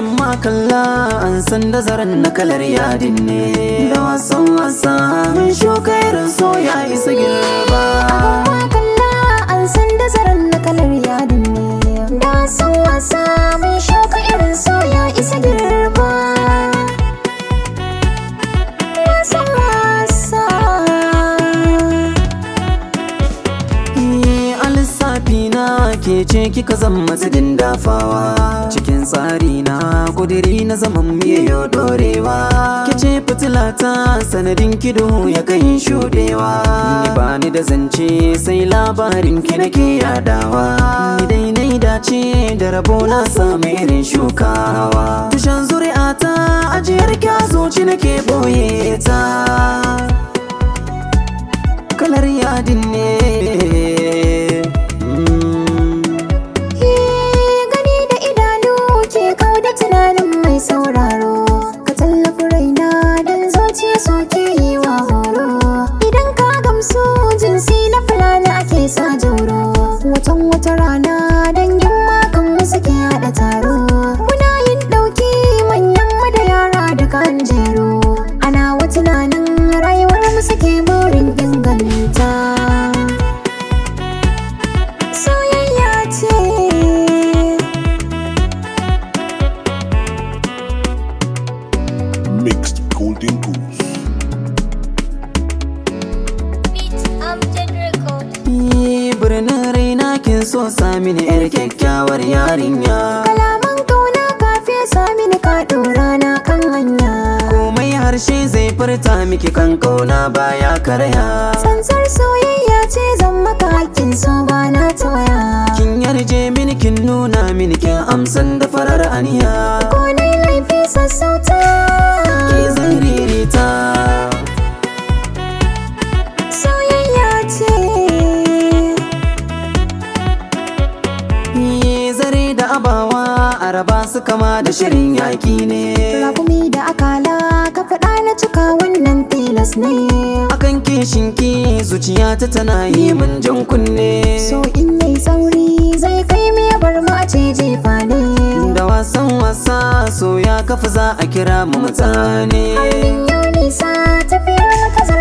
ga makalla an san da zaren na kalar yadin ne Da wasan wasa mun shuka irin soya ya isa gina ke ce kika zan mazidin dafawa cikin tsari na kudiri na zaman miyo dorewa ke ce fitilata sanadin kido ya kai shudewa ni ba ni da zance sai labarin ki nake yadawa ni dai nai dace da rabo na sami irin shukawa tushen zuri'a ta ajiyar kya nake boye ta kalar yadin ne jinsi na fulani ake sa jauro watan wata rana dangin makon mu suke haɗa taro muna yin ɗauki manyan mu da yara da kan jero ana wa tunanin rayuwar mu suke burin inganta soyayya ce mixed golden goose na raina kin so sa mini yar kyakkyawar yarinya kalaman kauna ka fesa mini ka dora na kan hanya komai harshe zai furta miki kan kauna baya karya tsantsar soyayya ce zan maka hakkin so ba na tawaya kin yarje mini kin nuna mini kin amsan da farar aniya ko laifi sassauta araba su kama da shirin yaki ne Rakumi da akala ka faɗa na cika wannan tilas ne Akan kishin zuciya ta tana yi min jan kunne So in yi sauri zai kai mu ya bar mu a ce jefa ne Da wasan wasa so ya kafa za a kira mu mutane Hannun ya nisa tafiyar mu ta